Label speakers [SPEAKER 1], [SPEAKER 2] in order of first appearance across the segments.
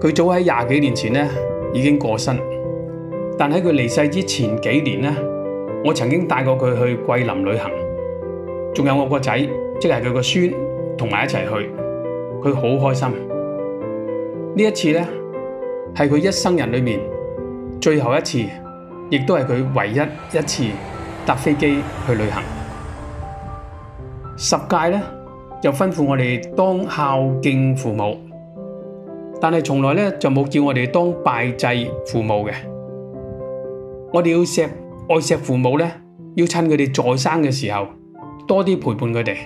[SPEAKER 1] 佢早喺廿幾年前呢已經過身，但喺佢離世之前幾年呢，我曾經帶過佢去桂林旅行，仲有我個仔，即係佢個孫同埋一齊去，佢好開心。呢一次呢，係佢一生人裏面最後一次，亦都係佢唯一一次搭飛機去旅行。十誡呢，就吩咐我哋當孝敬父母。但係從來咧就冇叫我哋當拜祭父母嘅，我哋要錫愛錫父母呢，要趁佢哋在生嘅時候多啲陪伴佢哋，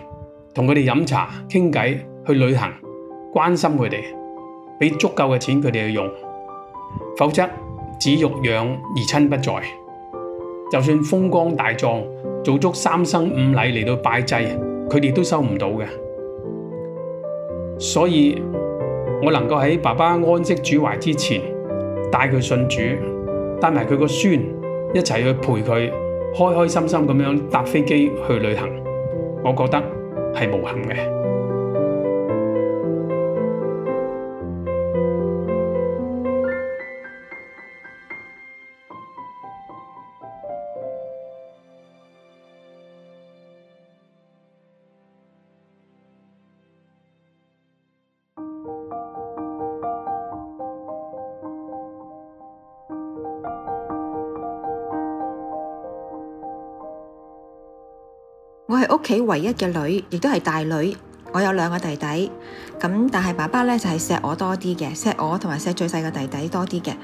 [SPEAKER 1] 同佢哋飲茶傾偈，去旅行，關心佢哋，俾足夠嘅錢佢哋去用，否則子欲養而親不在，就算風光大葬，做足三牲五禮嚟到拜祭，佢哋都收唔到嘅，所以。我能夠喺爸爸安息主懷之前，帶佢信主，帶埋佢個孫一齊去陪佢，開開心心咁樣搭飛機去旅行，我覺得係無憾嘅。
[SPEAKER 2] 我係屋企唯一嘅女，亦都係大女。我有兩個弟弟，咁但係爸爸咧就係、是、錫我多啲嘅，錫我同埋錫最細個弟弟多啲嘅。誒、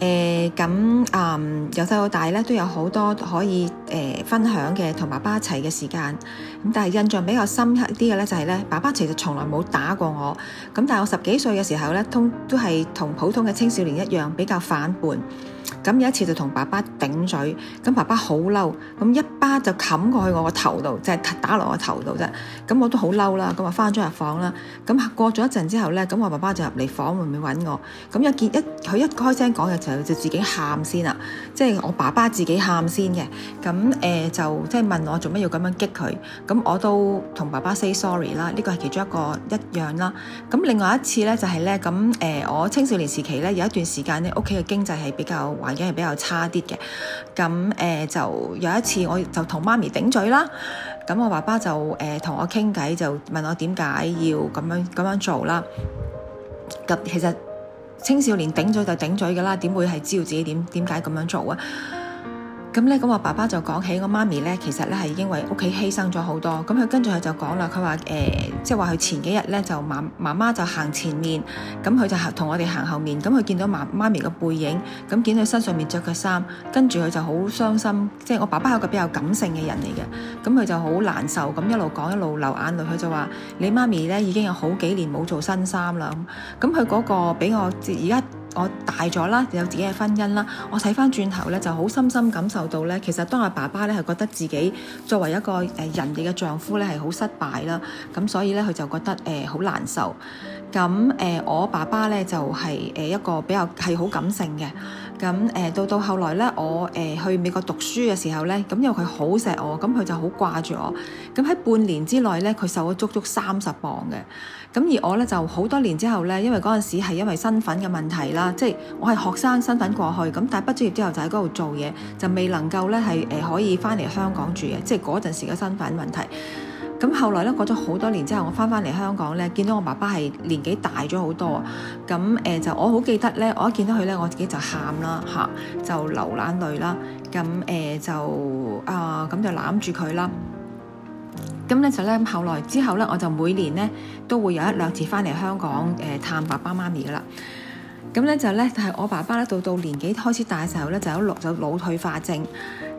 [SPEAKER 2] 呃，咁啊由細到大咧都有好多可以誒、呃、分享嘅同爸爸一齊嘅時間。咁但係印象比較深刻啲嘅咧就係咧，爸爸其實從來冇打過我。咁但係我十幾歲嘅時候咧，通都係同普通嘅青少年一樣，比較反叛。咁有一次就同爸爸頂嘴，咁爸爸好嬲，咁一巴就冚過去我個頭度，即係打落我頭度啫。咁我都好嬲啦，咁我翻咗入房啦。咁過咗一陣之後咧，咁我爸爸就入嚟房會唔會揾我。咁一見一佢一開聲講嘅時候就就自己喊先啦，即係我爸爸自己喊先嘅。咁、呃、就即係問我做咩要咁樣激佢。咁我都同爸爸 say sorry 啦，呢個係其中一個一樣啦。咁另外一次咧就係咧，咁、呃、我青少年時期咧有一段時間咧屋企嘅經濟係比較已經係比較差啲嘅，咁誒、呃、就有一次我就同媽咪頂嘴啦，咁我爸爸就誒同、呃、我傾偈，就問我點解要咁樣咁樣做啦？咁其實青少年頂嘴就頂嘴噶啦，點會係知道自己點點解咁樣做啊？咁咧，咁我爸爸就講起我媽咪咧，其實咧係已經為屋企犧牲咗好多。咁佢跟住佢就講啦，佢話誒，即係話佢前幾日咧就媽，媽媽就行前面，咁佢就同我哋行後面。咁佢見到媽媽咪嘅背影，咁見佢身上面着嘅衫，跟住佢就好傷心。即係我爸爸係一個比較感性嘅人嚟嘅，咁佢就好難受，咁一路講一路流眼淚。佢就話：你媽咪咧已經有好幾年冇做新衫啦。咁，佢嗰個俾我而家。我大咗啦，有自己嘅婚姻啦。我睇翻轉頭咧，就好深深感受到咧，其實當阿爸爸咧係覺得自己作為一個誒人哋嘅丈夫咧係好失敗啦，咁所以咧佢就覺得誒好難受。咁誒，我爸爸咧就係誒一個比較係好感性嘅。咁誒，到到後來咧，我誒去美國讀書嘅時候咧，咁因為佢好錫我，咁佢就好掛住我。咁喺半年之內咧，佢瘦咗足足三十磅嘅。咁而我咧就好多年之後咧，因為嗰陣時係因為身份嘅問題啦，即係我係學生身份過去，咁但係畢咗業之後就喺嗰度做嘢，就未能夠咧係誒可以翻嚟香港住嘅，即係嗰陣時嘅身份問題。咁後來咧過咗好多年之後，我翻翻嚟香港咧，見到我爸爸係年紀大咗好多，咁誒、呃、就我好記得咧，我一見到佢咧，我自己就喊啦嚇，就流眼淚啦，咁誒、呃、就啊咁、呃、就攬住佢啦。咁咧就咧，後來之後咧，我就每年咧都會有一兩次返嚟香港，誒、呃、探爸爸媽咪㗎喇。咁咧就咧，但係我爸爸咧到到年紀開始大嘅時候咧，就有六就腦退化症。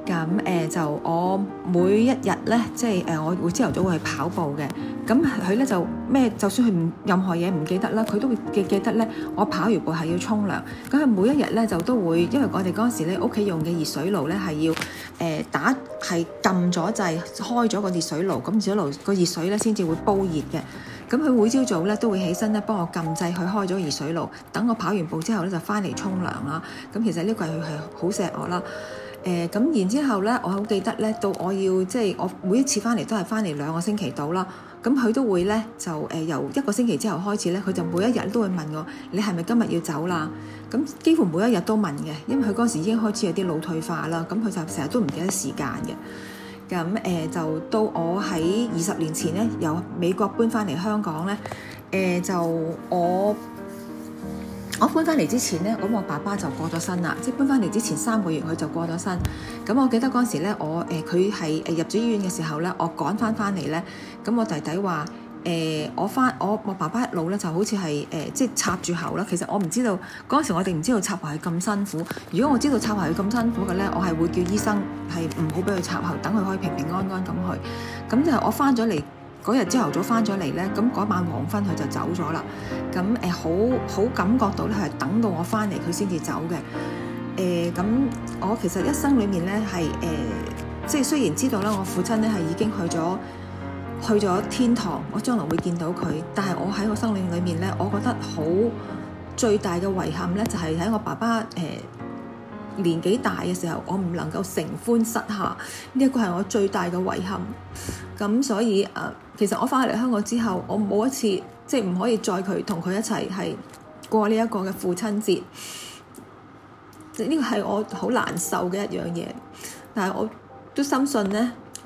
[SPEAKER 2] 咁、呃、就我每一日咧，即、就、係、誒、我會朝頭早會去跑步嘅。咁佢咧就咩？就算佢唔任何嘢唔記得啦，佢都會記記得咧。我跑完步係要沖涼。咁佢每一日咧就都會，因為我哋嗰陣時咧屋企用嘅熱水爐咧係要、呃、打係撳咗掣開咗個熱水爐，咁熱水爐個熱水咧先至會煲熱嘅。咁佢每朝早咧都會起身咧幫我撳掣，去開咗熱水爐，等我跑完步之後咧就翻嚟沖涼啦。咁其實呢個係係好錫我啦。咁、呃、然之後咧，我好記得咧，到我要即係、就是、我每一次翻嚟都係翻嚟兩個星期到啦。咁佢都會咧就由、呃、一個星期之後開始咧，佢就每一日都會問我：你係咪今日要走啦？咁幾乎每一日都問嘅，因為佢嗰時已經開始有啲腦退化啦。咁佢就成日都唔記得時間嘅。咁誒、呃、就到我喺二十年前咧，由美國搬翻嚟香港咧，誒、呃、就我我搬翻嚟之前咧，咁我爸爸就過咗身啦。即係搬翻嚟之前三個月，佢就過咗身。咁我記得嗰陣時咧，我誒佢係誒入咗醫院嘅時候咧，我趕翻翻嚟咧，咁我弟弟話。誒、呃，我翻我我爸爸一路咧就好似係誒，即係插住喉啦。其實我唔知道嗰陣時，我哋唔知道插喉係咁辛苦。如果我知道插喉係咁辛苦嘅咧，我係會叫醫生係唔好俾佢插喉，等佢可以平平安安咁去。咁就係我翻咗嚟嗰日朝頭早翻咗嚟咧，咁嗰晚黃昏佢就走咗啦。咁誒，好、呃、好感覺到咧，係等到我翻嚟佢先至走嘅。誒、呃，咁我其實一生裡面咧係誒，即係雖然知道咧，我父親咧係已經去咗，去咗天堂，我將來會見到佢。但係我喺我生命裏面呢，我覺得好最大嘅遺憾呢，就係喺我爸爸誒、呃、年紀大嘅時候，我唔能夠承歡膝下，呢、這、一個係我最大嘅遺憾。咁所以誒、呃，其實我翻嚟香港之後，我每一次即係唔可以再佢同佢一齊係過呢一個嘅父親節。呢、這個係我好難受嘅一樣嘢，但係我都深信呢。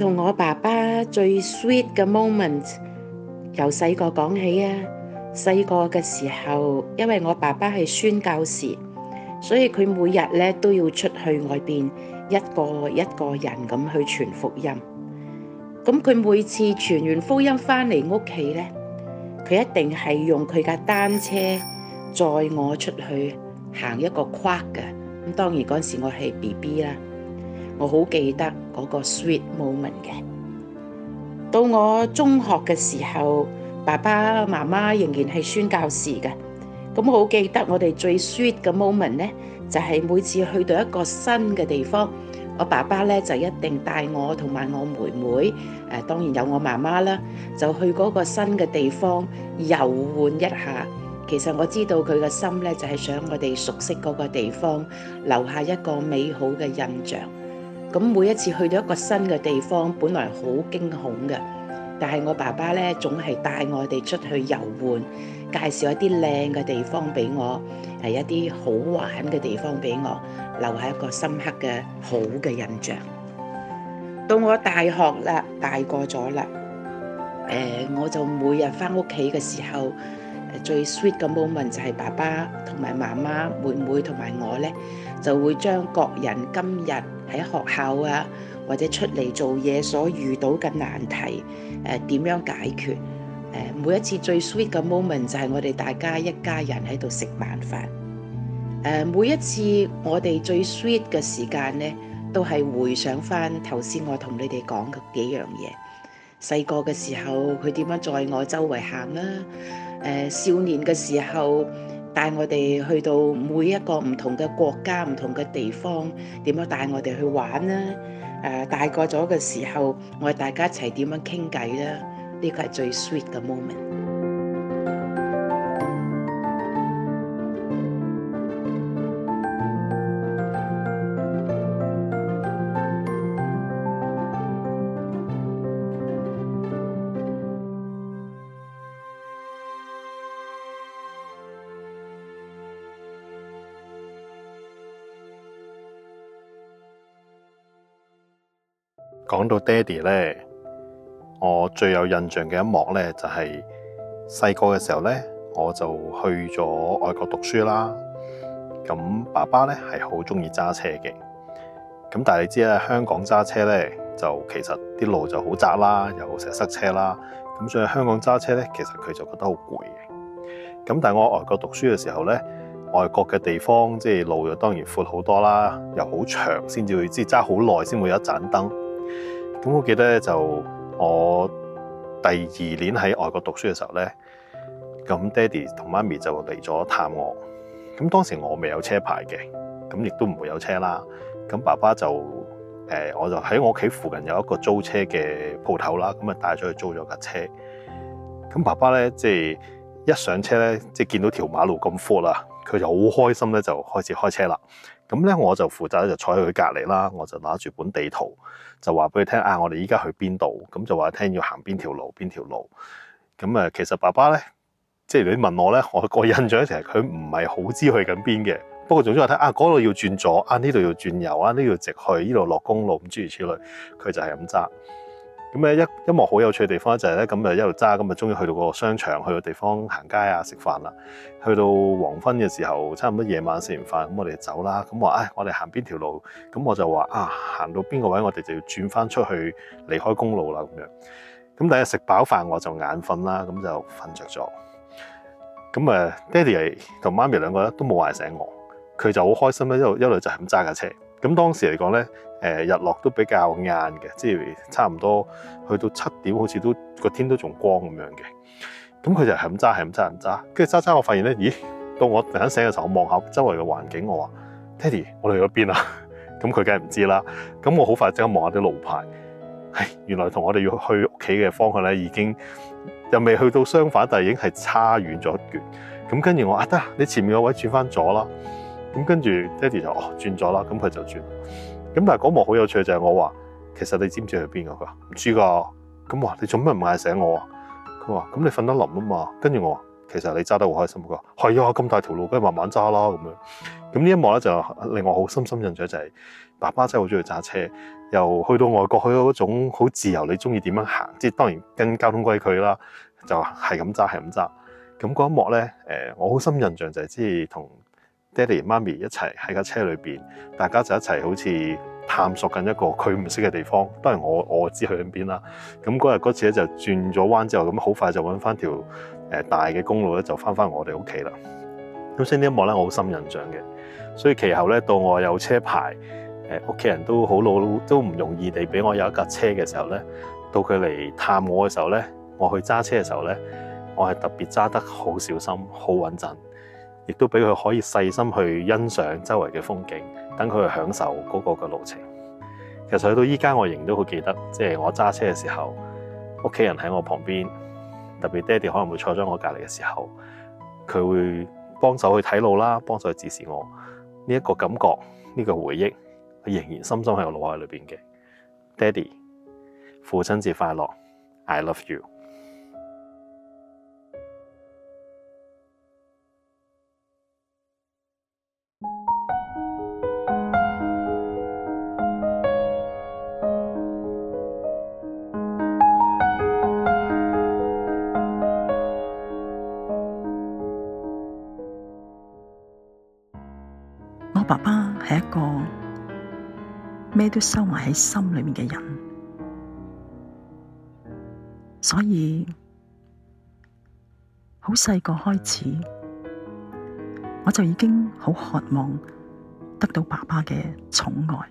[SPEAKER 3] 同我爸爸最 sweet 嘅 moment，由細個講起啊！細個嘅時候，因為我爸爸係宣教士，所以佢每日咧都要出去外邊一個一個人咁去傳福音。咁佢每次傳完福音翻嚟屋企咧，佢一定係用佢架單車載我出去行一個框嘅。咁當然嗰陣時我係 BB 啦，我好記得。嗰個 sweet moment 嘅，到我中學嘅時候，爸爸媽媽仍然係宣教士嘅。咁我好記得我哋最 sweet 嘅 moment 咧，就係每次去到一個新嘅地方，我爸爸咧就一定帶我同埋我妹妹，誒，當然有我媽媽啦，就去嗰個新嘅地方遊玩一下。其實我知道佢嘅心咧就係想我哋熟悉嗰個地方，留下一個美好嘅印象。咁每一次去到一個新嘅地方，本來好驚恐嘅，但係我爸爸咧總係帶我哋出去遊玩，介紹一啲靚嘅地方俾我，係一啲好玩嘅地方俾我，留下一個深刻嘅好嘅印象。到我大學啦，大個咗啦，誒我就每日返屋企嘅時候，誒最 sweet 嘅 moment 就係爸爸同埋媽媽、妹妹同埋我咧，就會將各人今日喺學校啊，或者出嚟做嘢所遇到嘅難題，誒、呃、點樣解決？誒、呃、每一次最 sweet 嘅 moment 就係我哋大家一家人喺度食晚飯。誒、呃、每一次我哋最 sweet 嘅時間咧，都係回想翻頭先我同你哋講嘅幾樣嘢。細個嘅時候佢點樣在我周圍行啦？誒、呃、少年嘅時候。帶我哋去到每一個唔同嘅國家、唔同嘅地方，點樣帶我哋去玩呢？誒、呃，大個咗嘅時候，我哋大家一齊點樣傾偈呢？呢個係最 sweet 嘅 moment。
[SPEAKER 4] 講到爹哋咧，我最有印象嘅一幕咧，就是，就係細個嘅時候咧，我就去咗外國讀書啦。咁爸爸咧係好中意揸車嘅。咁但係你知，香港揸車咧就其實啲路就好窄啦，又成日塞車啦。咁所以香港揸車咧，其實佢就，就覺得好攰嘅。咁但係我外國讀書嘅時候咧，外國嘅地方即係路又當然闊好多啦，又好長，先至會即係揸好耐先會有一盞燈。咁我記得咧就我第二年喺外國讀書嘅時候咧，咁爹哋同媽咪就嚟咗探我。咁當時我未有車牌嘅，咁亦都唔會有車啦。咁爸爸就誒，我就喺我屋企附近有一個租車嘅鋪頭啦，咁啊帶咗去租咗架車。咁爸爸咧即係一上車咧，即係見到條馬路咁闊啦，佢就好開心咧，就開始開車啦。咁咧，我就負責就坐喺佢隔離啦。我就拿住本地圖，就話俾佢聽啊，我哋依家去邊度？咁就話聽要行邊條路，邊條路？咁啊，其實爸爸咧，即係如果你問我咧，我個印象其實佢唔係好知去緊邊嘅。不過總之話睇啊，嗰度要轉左，啊呢度要轉右啊，呢度直去，呢度落公路咁諸如此類，佢就係咁揸。咁咧，一音樂好有趣嘅地方就係呢，就係咧咁誒一路揸，咁誒終於去到個商場，去個地方行街啊、食飯啦。去到黃昏嘅時候，差唔多夜晚食完飯，咁我哋走啦。咁話唉，我哋行邊條路？咁我就話啊，行到邊個位置，我哋就要轉翻出去離開公路啦咁樣。咁第一日食飽飯我就眼瞓啦，咁就瞓着咗。咁誒，爹哋同媽咪兩個咧都冇話醒我，佢就好開心啦，一路一路就係咁揸架車。咁當時嚟講咧。誒日落都比較晏嘅，即係差唔多去到七點，好似都個天都仲光咁樣嘅。咁佢就係咁揸，係咁揸，係咁揸。跟住揸揸，我發現咧，咦？到我突然醒嘅時候，我望下周圍嘅環境，我話爹 e 我哋去咗邊啊？咁佢梗係唔知啦。咁我好快即刻望下啲路牌，係原來同我哋要去屋企嘅方向咧，已經又未去到相反，但係已經係差遠咗一橛。咁跟住我啊，得你前面個位轉翻咗啦。咁跟住爹 e 就哦轉咗啦，咁佢就轉。咁但係嗰幕好有趣就係、是、我話，其實你知唔知去邊㗎？佢話唔知㗎。咁我話你做咩唔嗌醒我啊？佢話咁你瞓得腍啊嘛。跟住我話其實你揸得好開心。佢話係啊，咁、哎、大條路梗係慢慢揸啦咁樣。咁呢一幕咧就令我好深深印象就係、是、爸爸真係好中意揸車，又去到外國去嗰種好自由，你中意點樣行？即係當然跟交通規矩啦，就係咁揸係咁揸。咁嗰一幕咧，誒我好深印象就係即係同。爹哋、媽咪一齊喺架車裏面，大家就一齊好似探索緊一個佢唔識嘅地方，都係我我知去邊邊啦。咁嗰日嗰次咧就轉咗彎之後，咁好快就搵翻條大嘅公路咧，就翻翻我哋屋企啦。咁先呢一幕咧，我好深印象嘅。所以其後咧，到我有車牌，呃、屋企人都好老都唔容易地俾我有一架車嘅時候咧，到佢嚟探我嘅時候咧，我去揸車嘅時候咧，我係特別揸得好小心、好穩陣。亦都俾佢可以細心去欣賞周圍嘅風景，等佢去享受嗰個嘅路程。其實去到依家，我仍然都好記得，即係我揸車嘅時候，屋企人喺我旁邊，特別爹哋可能會坐咗我隔離嘅時候，佢會幫手去睇路啦，幫手去指示我。呢一個感覺，呢個回憶，佢仍然深深喺我腦海裏邊嘅。爹哋，父親節快樂，I love you。
[SPEAKER 5] 都收埋喺心裏面嘅人，所以好細個開始，我就已經好渴望得到爸爸嘅寵愛，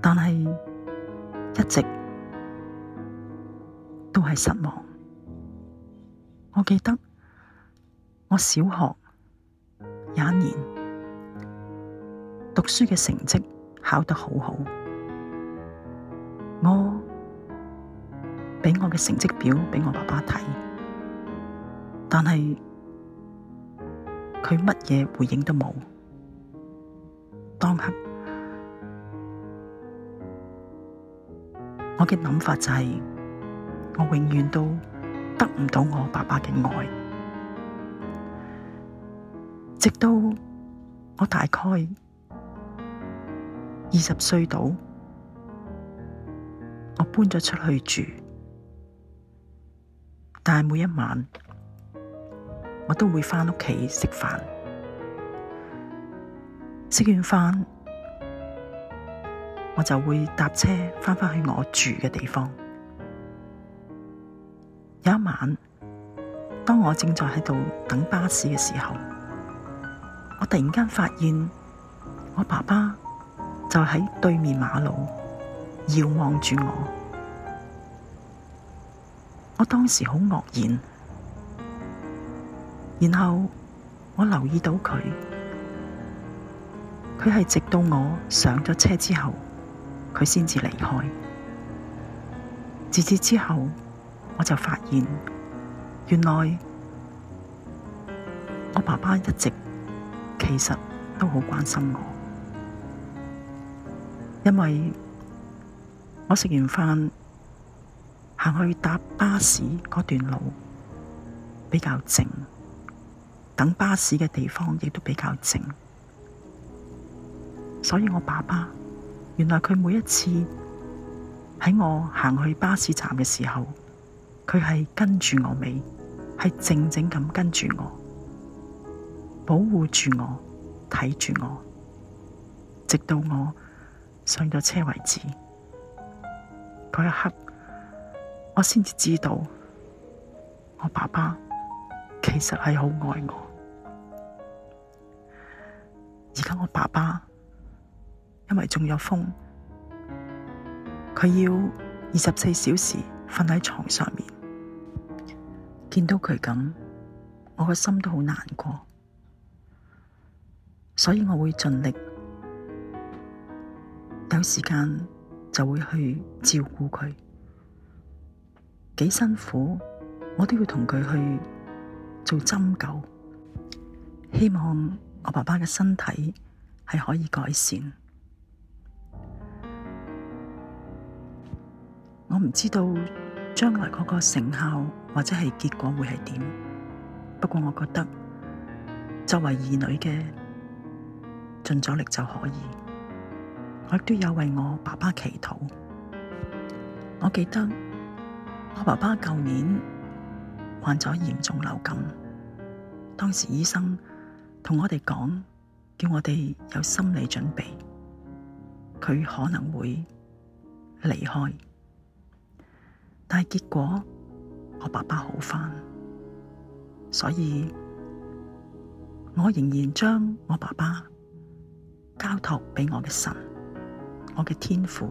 [SPEAKER 5] 但係一直都係失望。我記得我小學有一年讀書嘅成績。考得好好，我畀我嘅成績表畀我爸爸睇，但係佢乜嘢回應都冇。當刻我嘅諗法就係，我永遠都得唔到我爸爸嘅愛，直到我大概。二十歲到，我搬咗出去住，但係每一晚我都會返屋企食飯，食完飯我就會搭車返返去我住嘅地方。有一晚，當我正在喺度等巴士嘅時候，我突然間發現我爸爸。就喺對面馬路遙望住我，我當時好愕然，然後我留意到佢，佢係直到我上咗車之後，佢先至離開。自此之後，我就發現原來我爸爸一直其實都好關心我。因為我食完飯行去搭巴士嗰段路比較靜，等巴士嘅地方亦都比較靜，所以我爸爸原來佢每一次喺我行去巴士站嘅時候，佢係跟住我尾，係靜靜咁跟住我，保護住我，睇住我，直到我。上咗車為止，嗰一刻我先至知道我爸爸其實係好愛我。而家我爸爸因為中咗風，佢要二十四小時瞓喺床上面，見到佢咁，我個心都好難過，所以我會盡力。有時間就會去照顧佢，幾辛苦我都要同佢去做針灸，希望我爸爸嘅身體係可以改善。我唔知道將來嗰個成效或者係結果會係點，不過我覺得作為兒女嘅，盡咗力就可以。我亦都有為我爸爸祈禱。我記得我爸爸舊年患咗嚴重流感，當時醫生同我哋講，叫我哋有心理準備，佢可能會離開。但係結果我爸爸好返，所以我仍然將我爸爸交託畀我嘅神。我嘅天賦。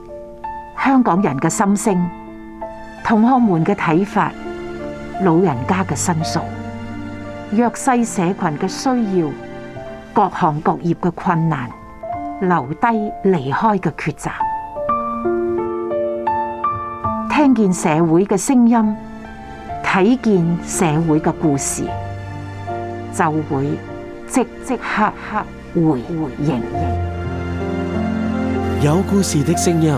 [SPEAKER 3] 香港人嘅心聲，同學們嘅睇法，老人家嘅申訴，弱勢社群嘅需要，各行各業嘅困難，留低離開嘅抉擇，聽見社會嘅聲音，睇見社會嘅故事，就會即即刻刻回
[SPEAKER 1] 回應應，
[SPEAKER 6] 有故事的聲音。